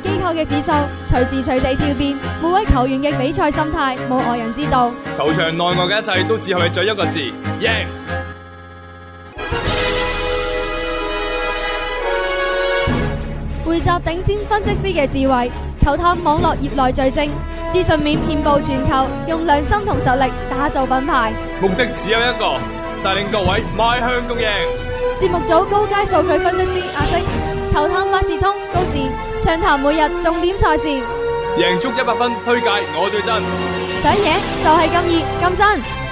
機構嘅指數隨時隨地跳變，每位球員嘅比賽心態冇外人知道。球場內外嘅一切都只係在一個字：贏。匯集頂尖分析師嘅智慧，球探網絡業內最精，資訊面遍布全球，用良心同實力打造品牌。目的只有一個，帶領各位邁向共贏。節目組高階數據分析師阿星，球探百事通高智。暢談每日重點賽事，贏足一百分，推介我最真，想贏就係咁熱咁真。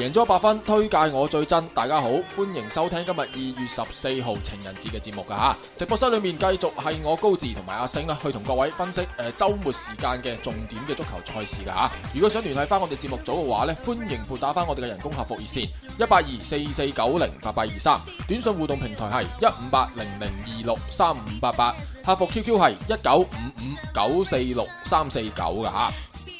贏咗百分，推介我最真。大家好，歡迎收聽今日二月十四號情人節嘅節目噶吓。直播室裏面繼續係我高志同埋阿星啦，去同各位分析誒、呃、周末時間嘅重點嘅足球賽事噶吓。如果想聯繫翻我哋節目組嘅話咧，歡迎撥打翻我哋嘅人工客服熱線一八二四四九零八八二三，短信互動平台係一五八零零二六三五八八，客服 QQ 係一九五五九四六三四九噶吓。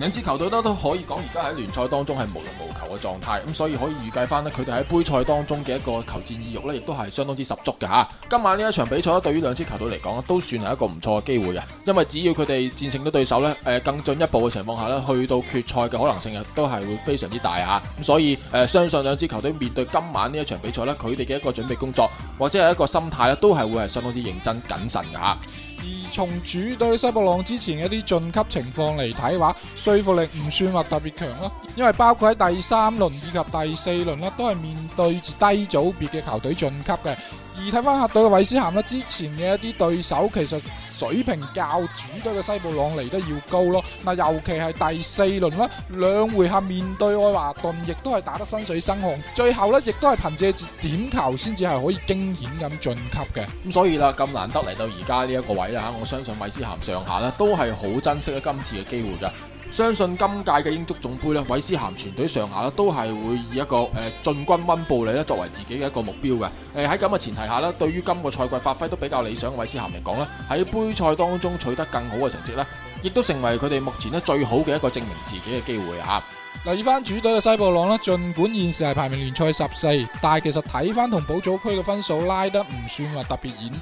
兩支球隊都都可以講，而家喺聯賽當中係無欲無求嘅狀態，咁所以可以預計翻咧，佢哋喺杯賽當中嘅一個求戰意欲呢，亦都係相當之十足嘅嚇。今晚呢一場比賽咧，對於兩支球隊嚟講，都算係一個唔錯嘅機會嘅，因為只要佢哋戰勝咗對手呢，誒更進一步嘅情況下呢，去到決賽嘅可能性啊，都係會非常之大嚇。咁所以誒，相信兩支球隊面對今晚呢一場比賽呢，佢哋嘅一個準備工作或者係一個心態呢，都係會係相當之認真謹慎嘅嚇。從主隊西布朗之前嘅一啲晉級情況嚟睇話，說服力唔算話特別強咯，因為包括喺第三輪以及第四輪咧，都係面對住低組別嘅球隊晉級嘅。而睇翻客隊嘅韋斯咸啦，之前嘅一啲對手其實水平較主隊嘅西布朗嚟得要高咯。嗱，尤其係第四輪啦，兩回合面對愛華頓，亦都係打得身水身汗，最後呢亦都係憑借點球先至係可以驚險咁晉級嘅、嗯。咁所以啦，咁難得嚟到而家呢一個位啦吓，我相信韋斯咸上下咧都係好珍惜咧今次嘅機會噶。相信今屆嘅英足總杯咧，韋斯咸全隊上下咧都係會以一個誒呃、進軍溫布利咧作為自己嘅一個目標嘅。誒喺咁嘅前提下咧，對於今個賽季發揮都比較理想嘅韋斯咸嚟講咧，喺杯賽當中取得更好嘅成績咧，亦都成為佢哋目前咧最好嘅一個證明自己嘅機會啊！留意翻主隊嘅西布朗呢，盡管現時係排名聯賽十四，但係其實睇翻同保組區嘅分數拉得唔算話特別遠。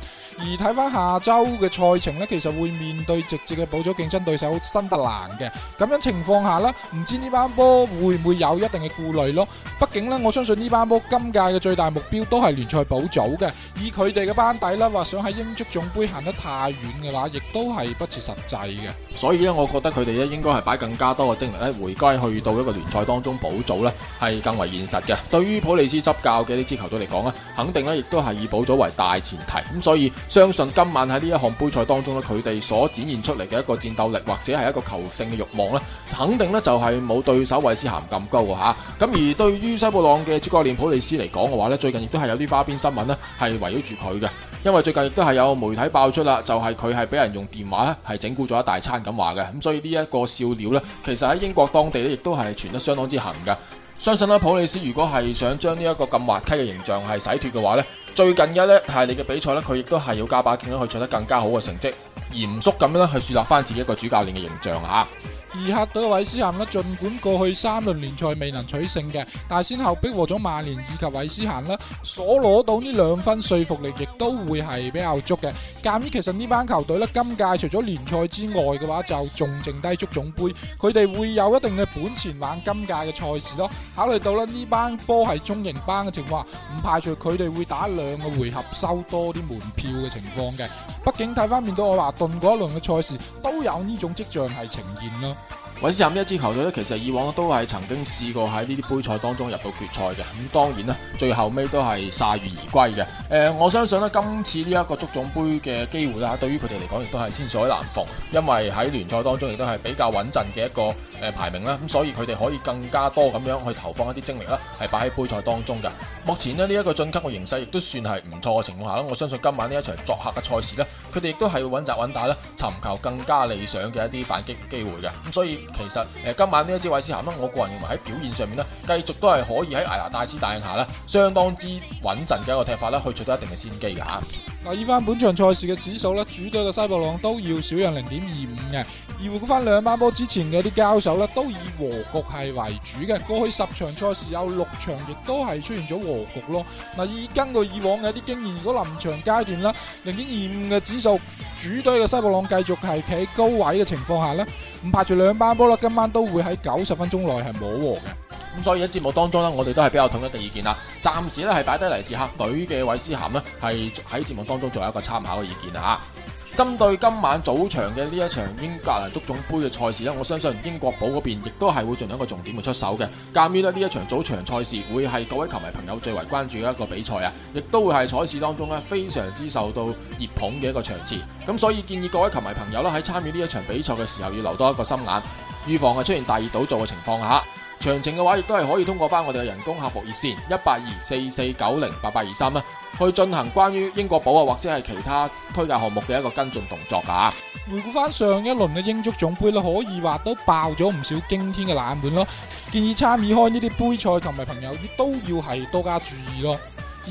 而睇翻下周嘅賽程呢，其實會面對直接嘅保組競爭對手新特蘭嘅咁樣情況下啦，唔知呢班波會唔會有一定嘅顧慮咯？畢竟呢，我相信呢班波今屆嘅最大目標都係聯賽保組嘅。以佢哋嘅班底啦，話想喺英足總杯行得太遠嘅話，亦都係不切實際嘅。所以呢，我覺得佢哋咧應該係擺更加多嘅精力咧，回歸去到一個聯賽當中保組呢，係更為現實嘅。對於普利斯執教嘅呢支球隊嚟講咧，肯定呢，亦都係以保組為大前提咁，所以。相信今晚喺呢一項杯賽當中咧，佢哋所展現出嚟嘅一個戰鬥力或者係一個求勝嘅慾望咧，肯定咧就係冇對手韋斯咸咁高㗎。咁而對於西布朗嘅主教練普利斯嚟講嘅話咧，最近亦都係有啲花邊新聞咧係圍繞住佢嘅，因為最近亦都係有媒體爆出啦，就係佢係俾人用電話咧係整蠱咗一大餐咁話嘅，咁所以呢一個笑料咧，其實喺英國當地咧亦都係傳得相當之行㗎。相信啦，普利斯如果係想將呢一個咁滑稽嘅形象係洗脫嘅話咧。最近一呢係你嘅比賽呢，佢亦都係要加把勁啦去取得更加好嘅成績，嚴肅咁樣去樹立翻自己一個主教練嘅形象啊！而客隊韋斯咸咧，儘管過去三輪聯賽未能取勝嘅，但先後逼和咗曼聯以及韋斯咸呢，所攞到呢兩分說服力亦都會係比較足嘅。鑒於其實呢班球隊呢，今屆除咗聯賽之外嘅話，就仲剩低足總杯，佢哋會有一定嘅本錢玩今屆嘅賽事咯。考慮到呢這班波係中型班嘅情況，唔排除佢哋會打兩個回合收多啲門票嘅情況嘅。畢竟睇翻面對愛華頓嗰一輪嘅賽事，都有呢種跡象係呈現咯。韋斯咸呢一支球隊咧，其實以往都係曾經試過喺呢啲杯賽當中入到決賽嘅。咁當然啦，最後尾都係鎩羽而歸嘅。誒、呃，我相信咧，今次呢一個足總杯嘅機會啦，對於佢哋嚟講亦都係千載難逢，因為喺聯賽當中亦都係比較穩陣嘅一個誒排名啦。咁所以佢哋可以更加多咁樣去投放一啲精力啦，係擺喺杯賽當中嘅。目前咧，呢一個晉級嘅形勢亦都算係唔錯嘅情況下啦，我相信今晚呢一場作客嘅賽事呢，佢哋亦都係要穩紮穩打啦，尋求更加理想嘅一啲反擊嘅機會嘅。咁所以，其實誒、呃、今晚呢一隻韋斯咸咧，我個人認為喺表現上面咧，繼續都係可以喺艾拿戴斯帶領下咧，相當之穩陣嘅一個踢法啦，去取得一定嘅先機㗎、啊。嗱，依番本場賽事嘅指數咧，主隊嘅西布朗都要少人零點二五嘅。而回顧翻兩班波之前嘅啲交手咧，都以和局係為主嘅。過去十場賽事有六場亦都係出現咗和局咯。嗱，以根據以往嘅啲經驗，如果臨場階段呢，零點二五嘅指數主隊嘅西布朗繼續係企喺高位嘅情況下呢，咁排住兩班波咯，今晚都會喺九十分鐘內係冇和嘅。咁所以喺節目當中呢，我哋都係比較統一嘅意見啦。暫時呢係擺低嚟自客隊嘅韋斯咸呢，係喺節目當中作為一個參考嘅意見啦嚇。針對今晚早場嘅呢一場英格蘭足總盃嘅賽事咧，我相信英國寶嗰邊亦都係會進行一個重點嘅出手嘅。鑒於咧呢一場早場賽事會係各位球迷朋友最為關注嘅一個比賽啊，亦都會係賽事當中咧非常之受到熱捧嘅一個場次。咁所以建議各位球迷朋友咧喺參與呢一場比賽嘅時候要留多一個心眼，預防係出現大熱倒灶嘅情況下。詳情嘅話，亦都係可以通過翻我哋嘅人工客服熱線一八二四四九零八八二三啦，去進行關於英國寶啊或者係其他推介項目嘅一個跟進動作噶。回顧翻上一輪嘅英足總杯咧，可以話都爆咗唔少驚天嘅冷門咯。建議參與開呢啲杯賽同埋朋友亦都要係多加注意咯。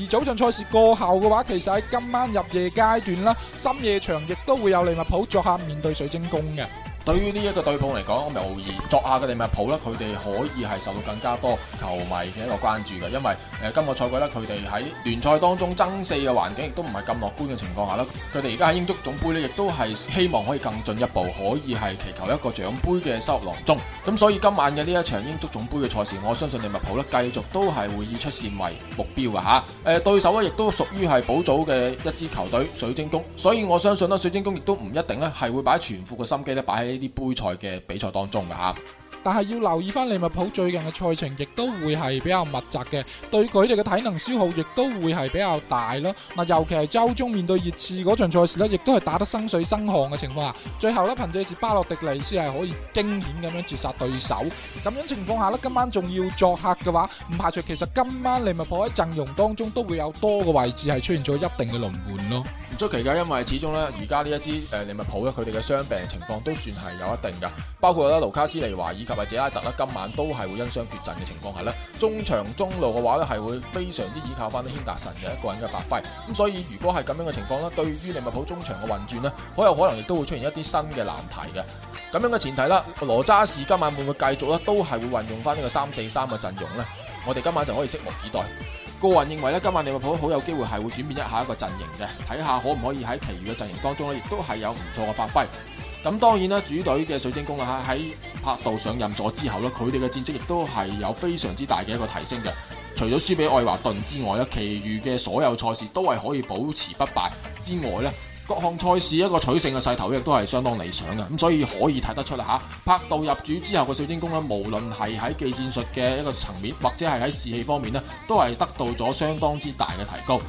而早上賽事過後嘅話，其實喺今晚入夜階段啦，深夜場亦都會有利物浦作客面對水晶宮嘅。對於呢一個對碰嚟講，我咪無疑。作下嘅利物浦咧，佢哋可以係受到更加多球迷嘅一個關注嘅，因為誒、呃、今個賽季咧，佢哋喺聯賽當中爭四嘅環境亦都唔係咁樂觀嘅情況下咧，佢哋而家喺英足總杯咧，亦都係希望可以更進一步，可以係祈求一個獎杯嘅收入囊中。咁所以今晚嘅呢一場英足總杯嘅賽事，我相信利物浦咧繼續都係會以出線為目標嘅嚇。誒、呃、對手咧亦都屬於係保組嘅一支球隊水晶宮，所以我相信呢，水晶宮亦都唔一定咧係會擺全副嘅心機咧擺喺。啲杯賽嘅比賽當中嘅吓，但係要留意翻利物浦最近嘅賽程，亦都會係比較密集嘅，對佢哋嘅體能消耗亦都會係比較大咯。嗱，尤其係周中面對熱刺嗰場賽事呢亦都係打得身水身汗嘅情況下。最後呢，憑借住巴洛迪尼先係可以驚險咁樣截殺對手。咁樣情況下呢，今晚仲要作客嘅話，唔排除其實今晚利物浦喺陣容當中都會有多個位置係出現咗一定嘅輪換咯。出期嘅，因為始終咧，而家呢一支誒、呃、利物浦咧，佢哋嘅傷病情況都算係有一定嘅，包括咧盧卡斯利華以及係謝拉特啦。今晚都係會因傷缺陣嘅情況下咧,中場中路嘅話咧係會非常之依靠翻呢亨達臣嘅一個人嘅發揮，咁、嗯、所以如果係咁樣嘅情況咧，對於利物浦中場嘅運轉呢，好有可能亦都會出現一啲新嘅難題嘅。咁樣嘅前提啦，羅渣士今晚會唔會繼續咧，都係會運用翻呢個三四三嘅陣容呢。我哋今晚就可以拭目以待。個人認為咧，今晚利物浦好有機會係會轉變一下一個陣型嘅，睇下可唔可以喺其餘嘅陣型當中咧，亦都係有唔錯嘅發揮。咁當然啦，主隊嘅水晶宮啊喺柏杜上任咗之後咧，佢哋嘅戰績亦都係有非常之大嘅一個提升嘅。除咗輸俾愛華頓之外咧，其餘嘅所有賽事都係可以保持不敗之外咧。各項賽事一個取勝嘅勢頭亦都係相當理想嘅，咁所以可以睇得出啦嚇。柏杜入主之後嘅水晶宮咧，無論係喺技戰術嘅一個層面，或者係喺士氣方面咧，都係得到咗相當之大嘅提高。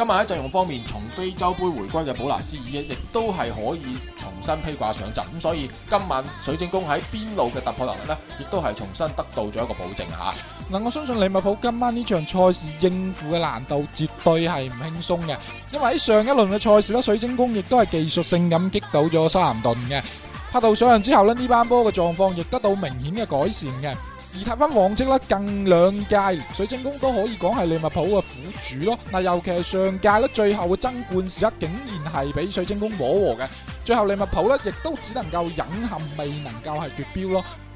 今晚喺陣容方面，從非洲杯回歸嘅保納斯爾亦都係可以重新披掛上陣，咁所以今晚水晶宮喺邊路嘅突破能力呢，亦都係重新得到咗一個保證吓。嗱，我相信利物浦今晚呢場賽事應付嘅難度絕對係唔輕鬆嘅，因為喺上一輪嘅賽事咧，水晶宮亦都係技術性咁擊倒咗沙三頓嘅。帕杜上任之後呢，呢班波嘅狀況亦得到明顯嘅改善嘅。而睇翻往績咧，近兩屆水晶宮都可以講係利物浦嘅苦主咯。嗱，尤其係上屆咧，最後嘅爭冠時刻，竟然係俾水晶宮攞和嘅，最後利物浦咧亦都只能夠隱憾未能夠係奪標咯。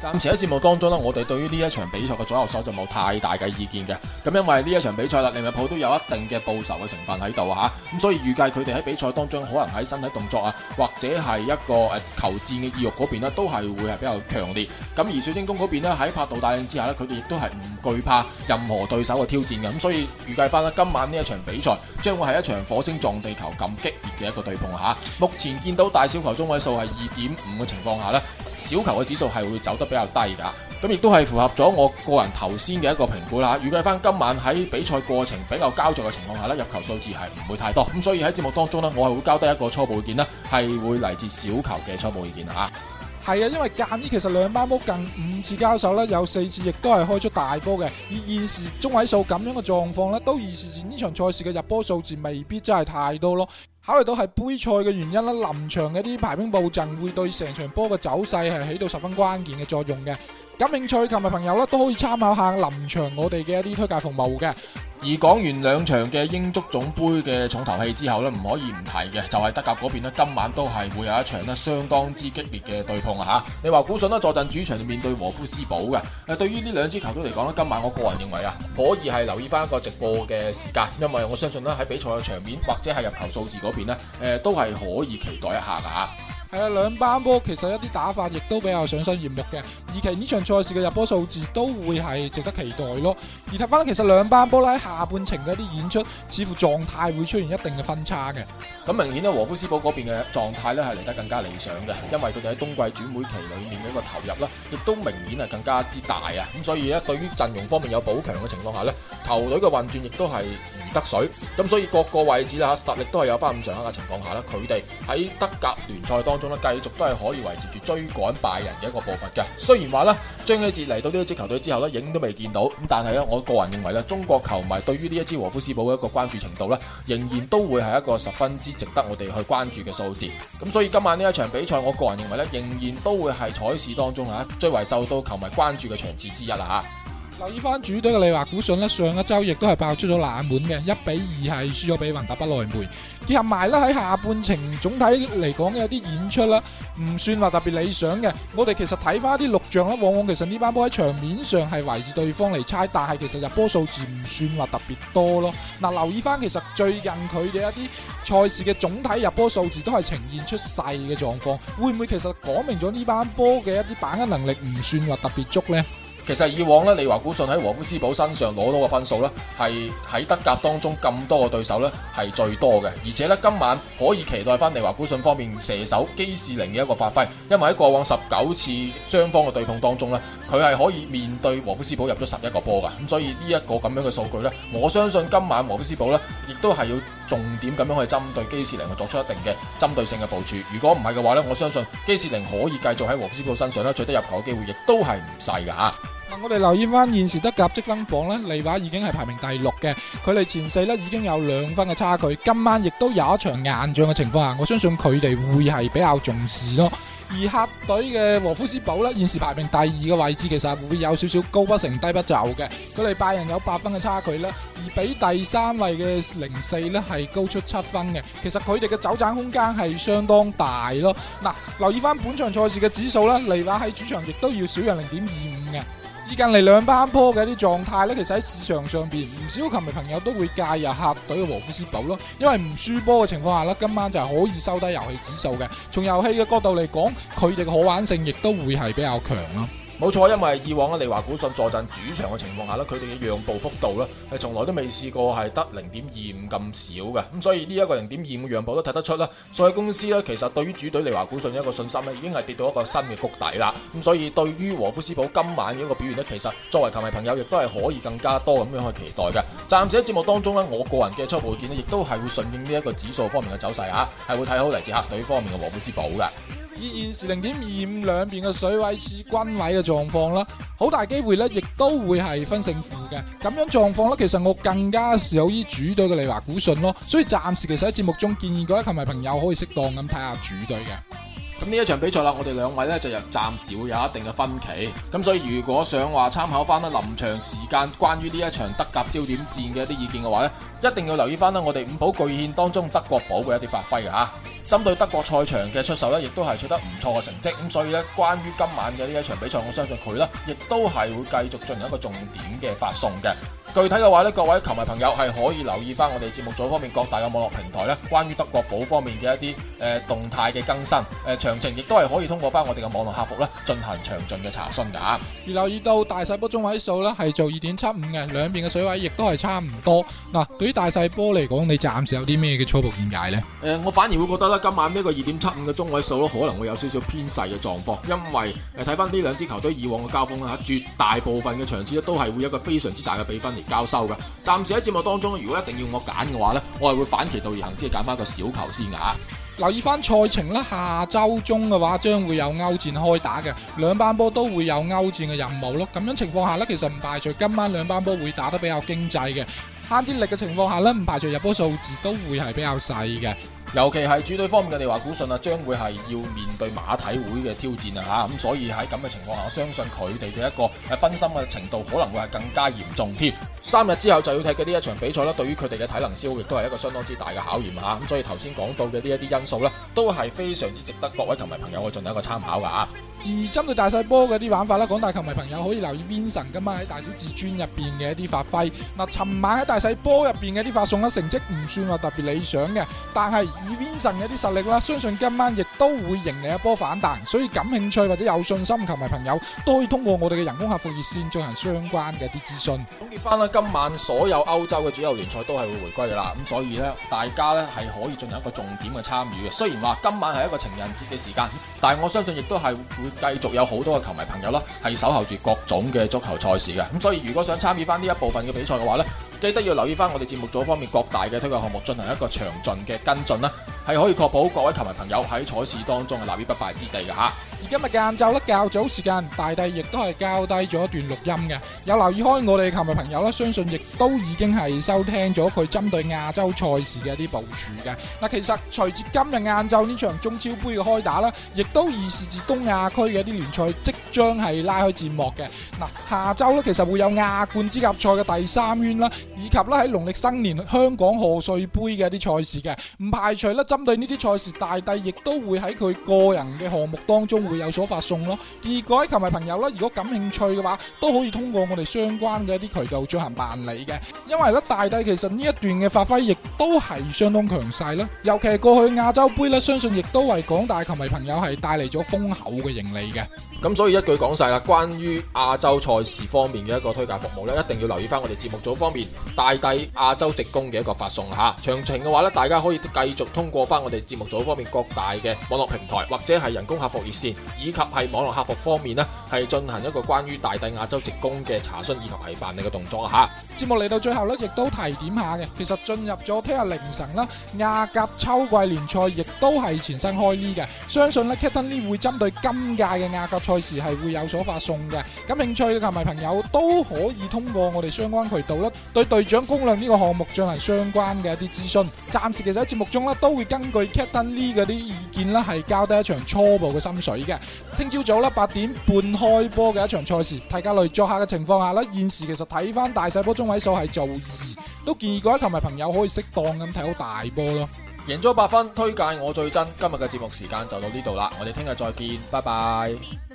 暫時喺節目當中呢，我哋對於呢一場比賽嘅左右手就冇太大嘅意見嘅。咁因為呢一場比賽啦，利物浦都有一定嘅報仇嘅成分喺度嚇，咁所以預計佢哋喺比賽當中可能喺身體動作啊，或者係一個、欸、球戰嘅意欲嗰邊呢，都係會係比較強烈。咁而水晶宮嗰邊呢，喺帕杜帶領之下呢，佢哋亦都係唔懼怕任何對手嘅挑戰嘅。咁所以預計翻呢今晚呢一場比賽將會係一場火星撞地球咁激烈嘅一個對碰吓。目前見到大小球中位數係二點五嘅情況下呢，小球嘅指數係會走得比較低噶，咁亦都係符合咗我個人頭先嘅一個評估啦。預計翻今晚喺比賽過程比較膠著嘅情況下咧，入球數字係唔會太多，咁所以喺節目當中咧，我係會交低一個初步意見啦，係會嚟自小球嘅初步意見啊。係啊，因為鑑於其實兩班波近五次交手咧，有四次亦都係開出大波嘅，而現時中位數咁樣嘅狀況咧，都預示住呢場賽事嘅入波數字未必真係太多咯。考慮到係杯賽嘅原因啦，臨場嘅啲排兵布陣會對成場波嘅走勢係起到十分關鍵嘅作用嘅。感興趣球迷朋友都可以參考下臨場我哋嘅一啲推介服務嘅。而講完兩場嘅英足總杯嘅重頭戲之後呢，唔可以唔提嘅就係、是、德甲嗰邊呢，今晚都係會有一場相當之激烈嘅對碰啊吓。你話古信呢，坐鎮主場面對和夫斯堡嘅。誒、啊，對於呢兩支球隊嚟講呢，今晚我個人認為啊，可以係留意返一個直播嘅時間，因為我相信呢，喺比賽嘅場面或者係入球數字嗰邊呢，誒，都係可以期待一下噶吓。啊係啊，兩班波其實一啲打法亦都比較賞心悅目嘅，而其呢場賽事嘅入波數字都會係值得期待咯。而睇翻，其實兩班波喺下半程嘅一啲演出似乎狀態會出現一定嘅分差嘅。咁明顯呢，和夫斯堡嗰邊嘅狀態呢係嚟得更加理想嘅，因為佢哋喺冬季轉會期裏面嘅一個投入啦，亦都明顯係更加之大啊。咁所以呢，對於陣容方面有補強嘅情況下呢，球隊嘅運轉亦都係如得水。咁所以各個位置啦吓，實力都係有翻咁上下嘅情況下呢，佢哋喺德甲聯賽當繼續都係可以維持住追趕拜仁嘅一個步伐嘅，雖然話咧張稀哲嚟到呢一支球隊之後咧影都未見到，咁但係咧我個人認為咧中國球迷對於呢一支和夫斯堡嘅一個關注程度咧，仍然都會係一個十分之值得我哋去關注嘅數字，咁所以今晚呢一場比賽我個人認為咧仍然都會係賽事當中啊最為受到球迷關注嘅場次之一啦吓。留意翻主隊嘅利華古信啦，上一周亦都係爆出咗冷門嘅一比二係輸咗俾雲達不來梅。結合埋咧喺下半程總體嚟講有啲演出啦，唔算話特別理想嘅。我哋其實睇翻啲錄像啦，往往其實呢班波喺場面上係圍住對方嚟猜，但係其實入波數字唔算話特別多咯。嗱，留意翻其實最近佢嘅一啲賽事嘅總體入波數字都係呈現出細嘅狀況，會唔會其實講明咗呢班波嘅一啲把握能力唔算話特別足呢？其實以往咧，利華古信喺和夫斯堡身上攞到嘅分數咧，係喺德甲當中咁多嘅對手咧係最多嘅。而且咧，今晚可以期待翻利華古信方面射手基士靈嘅一個發揮，因為喺過往十九次雙方嘅對碰當中咧，佢係可以面對和夫斯堡入咗十一個波噶。咁所以呢一個咁樣嘅數據咧，我相信今晚和夫斯堡咧亦都係要重點咁樣去針對基士靈去作出一定嘅針對性嘅部署。如果唔係嘅話咧，我相信基士靈可以繼續喺和夫斯堡身上咧取得入球嘅機會也是不用的，亦都係唔細嘅吓。我哋留意翻現時德甲積分榜呢，利華已經係排名第六嘅。佢哋前四呢已經有兩分嘅差距，今晚亦都有一場硬仗嘅情況下，我相信佢哋會係比較重視咯。而客隊嘅和夫斯堡呢，現時排名第二嘅位置，其實會有少少高不成低不就嘅。佢哋拜仁有八分嘅差距呢，而比第三位嘅零四呢係高出七分嘅。其實佢哋嘅走盞空間係相當大咯。嗱、啊，留意翻本場賽事嘅指數呢，利華喺主場亦都要少人零點二五嘅。以近嚟兩班波嘅啲狀態呢，其實喺市場上邊，唔少球迷朋友都會介入客隊嘅羅夫斯堡咯，因為唔輸波嘅情況下呢，今晚就係可以收低遊戲指數嘅。從遊戲嘅角度嚟講，佢哋嘅可玩性亦都會係比較強咯。冇錯，因為以往啊利華古遜坐鎮主場嘅情況下咧，佢哋嘅讓步幅度咧係從來都未試過係得零點二五咁少嘅，咁所以呢一個零點二五嘅讓步都睇得出啦。所謂公司咧其實對於主隊利華古遜嘅一個信心咧已經係跌到一個新嘅谷底啦。咁所以對於和夫斯堡今晚嘅一個表現咧，其實作為球迷朋友亦都係可以更加多咁樣去期待嘅。暫時喺節目當中咧，我個人嘅初步見呢，亦都係會順應呢一個指數方面嘅走勢嚇，係會睇好嚟自客隊方面嘅和夫斯堡嘅。以現時零點二五兩邊嘅水位是均位嘅狀況啦，好大機會咧，亦都會係分勝負嘅。咁樣的狀況咧，其實我更加少於主隊嘅利華古遜咯。所以暫時其實喺節目中建議各位，球迷朋友可以適當咁睇下主隊嘅。咁呢一場比賽啦，我哋兩位咧就又暫時會有一定嘅分歧。咁所以如果想話參考翻咧臨場時間關於呢一場德甲焦點戰嘅一啲意見嘅話咧，一定要留意翻咧我哋五寶巨獻當中德國寶嘅一啲發揮啊！針對德國賽場嘅出售咧，亦都係取得唔錯嘅成績，咁所以咧，關於今晚嘅呢一場比賽，我相信佢咧亦都係會繼續進行一個重點嘅發送嘅。具體嘅話咧，各位球迷朋友係可以留意返我哋節目組方面各大嘅網絡平台咧，關於德國寶方面嘅一啲誒動態嘅更新，誒詳情亦都係可以通過返我哋嘅網絡客服咧進行詳盡嘅查詢㗎。而留意到大細波中位數咧係做二點七五嘅，兩邊嘅水位亦都係差唔多。嗱，對於大細波嚟講，你暫時有啲咩嘅初步見解咧？誒，我反而會覺得咧。今晚呢個二點七五嘅中位數咧，可能會有少少偏細嘅狀況，因為睇翻呢兩支球隊以往嘅交鋒啦，絕大部分嘅場次咧都係會有一個非常之大嘅比分嚟交收嘅。暫時喺節目當中，如果一定要我揀嘅話呢，我係會反其道而行之，揀翻個小球先㗎！留意翻賽程啦，下周中嘅話將會有歐戰開打嘅，兩班波都會有歐戰嘅任務咯。咁樣情況下呢，其實唔排除今晚兩班波會打得比較經濟嘅，慳啲力嘅情況下呢，唔排除入波數字都會係比較細嘅。尤其係主隊方面嘅利華古信啊，將會係要面對馬體會嘅挑戰啊，吓，咁所以喺咁嘅情況下，我相信佢哋嘅一個誒分心嘅程度可能會係更加嚴重添。三日之後就要睇嘅呢一場比賽啦，對於佢哋嘅體能消耗亦都係一個相當之大嘅考驗吓，咁所以頭先講到嘅呢一啲因素咧，都係非常之值得各位球迷朋友去進行一個參考噶啊。而針對大細波嘅啲玩法啦，廣大球迷朋友可以留意 Vincent 今晚喺大小至尊入邊嘅一啲發揮。嗱，尋晚喺大細波入邊嘅一啲發送啦，成績唔算話特別理想嘅，但係以 Vincent 嘅一啲實力啦，相信今晚亦都會迎嚟一波反彈。所以感興趣或者有信心球迷朋友都可以通過我哋嘅人工客服熱線進行相關嘅一啲資訊。總結翻啦，今晚所有歐洲嘅主要聯賽都係會回歸噶啦，咁所以呢，大家呢係可以進行一個重點嘅參與嘅。雖然話今晚係一個情人節嘅時間，但係我相信亦都係繼續有好多嘅球迷朋友啦，係守候住各種嘅足球賽事嘅，咁所以如果想參與翻呢一部分嘅比賽嘅話呢，記得要留意翻我哋節目組方面各大嘅推介項目，進行一個詳盡嘅跟進啦，係可以確保各位球迷朋友喺賽事當中係立於不敗之地嘅嚇。而今日晏晝咧較早時間，大帝亦都係交低咗一段錄音嘅。有留意開我哋球迷朋友啦，相信亦都已經係收聽咗佢針對亞洲賽事嘅一啲部署嘅。嗱，其實隨住今日晏晝呢場中超杯嘅開打啦，亦都預示住東亞區嘅一啲聯賽即將係拉開戰幕嘅。嗱，下周咧其實會有亞冠資格賽嘅第三圈啦，以及咧喺農曆新年香港賀歲杯嘅一啲賽事嘅，唔排除咧針對呢啲賽事，大帝亦都會喺佢個人嘅項目當中。會有所發送咯。而各位球迷朋友啦，如果感興趣嘅話，都可以通過我哋相關嘅一啲渠道進行辦理嘅。因為咧，大帝其實呢一段嘅發揮亦都係相當強勢啦。尤其係過去亞洲杯咧，相信亦都為廣大球迷朋友係帶嚟咗豐厚嘅盈利嘅。咁所以一句講晒啦，關於亞洲賽事方面嘅一個推介服務咧，一定要留意翻我哋節目組方面大帝亞洲直供嘅一個發送吓。詳情嘅話咧，大家可以繼續通過翻我哋節目組方面各大嘅網絡平台或者係人工客服熱線。以及係網絡客服方面呢係進行一個關於大帝亞洲職工嘅查詢，以及係辦理嘅動作啊！吓，節目嚟到最後呢亦都提點下嘅。其實進入咗聽日凌晨啦，亞甲秋季聯賽亦都係全新開呢嘅。相信呢 Cathleen 會針對今屆嘅亞甲賽事係會有所發送嘅。咁，興趣嘅球迷朋友都可以通過我哋相關渠道咧，對隊長攻略呢個項目進行相關嘅一啲諮詢。暫時其實喺節目中呢，都會根據 Cathleen 嗰啲意見呢係交低一場初步嘅心水。聽朝早啦，八點半開波嘅一場賽事，泰格雷作客嘅情況下啦，現時其實睇翻大細波中位數係做二，都建議各位球迷朋友可以適當咁睇好大波咯。贏咗八分，推介我最真。今日嘅節目時間就到呢度啦，我哋聽日再見，拜拜。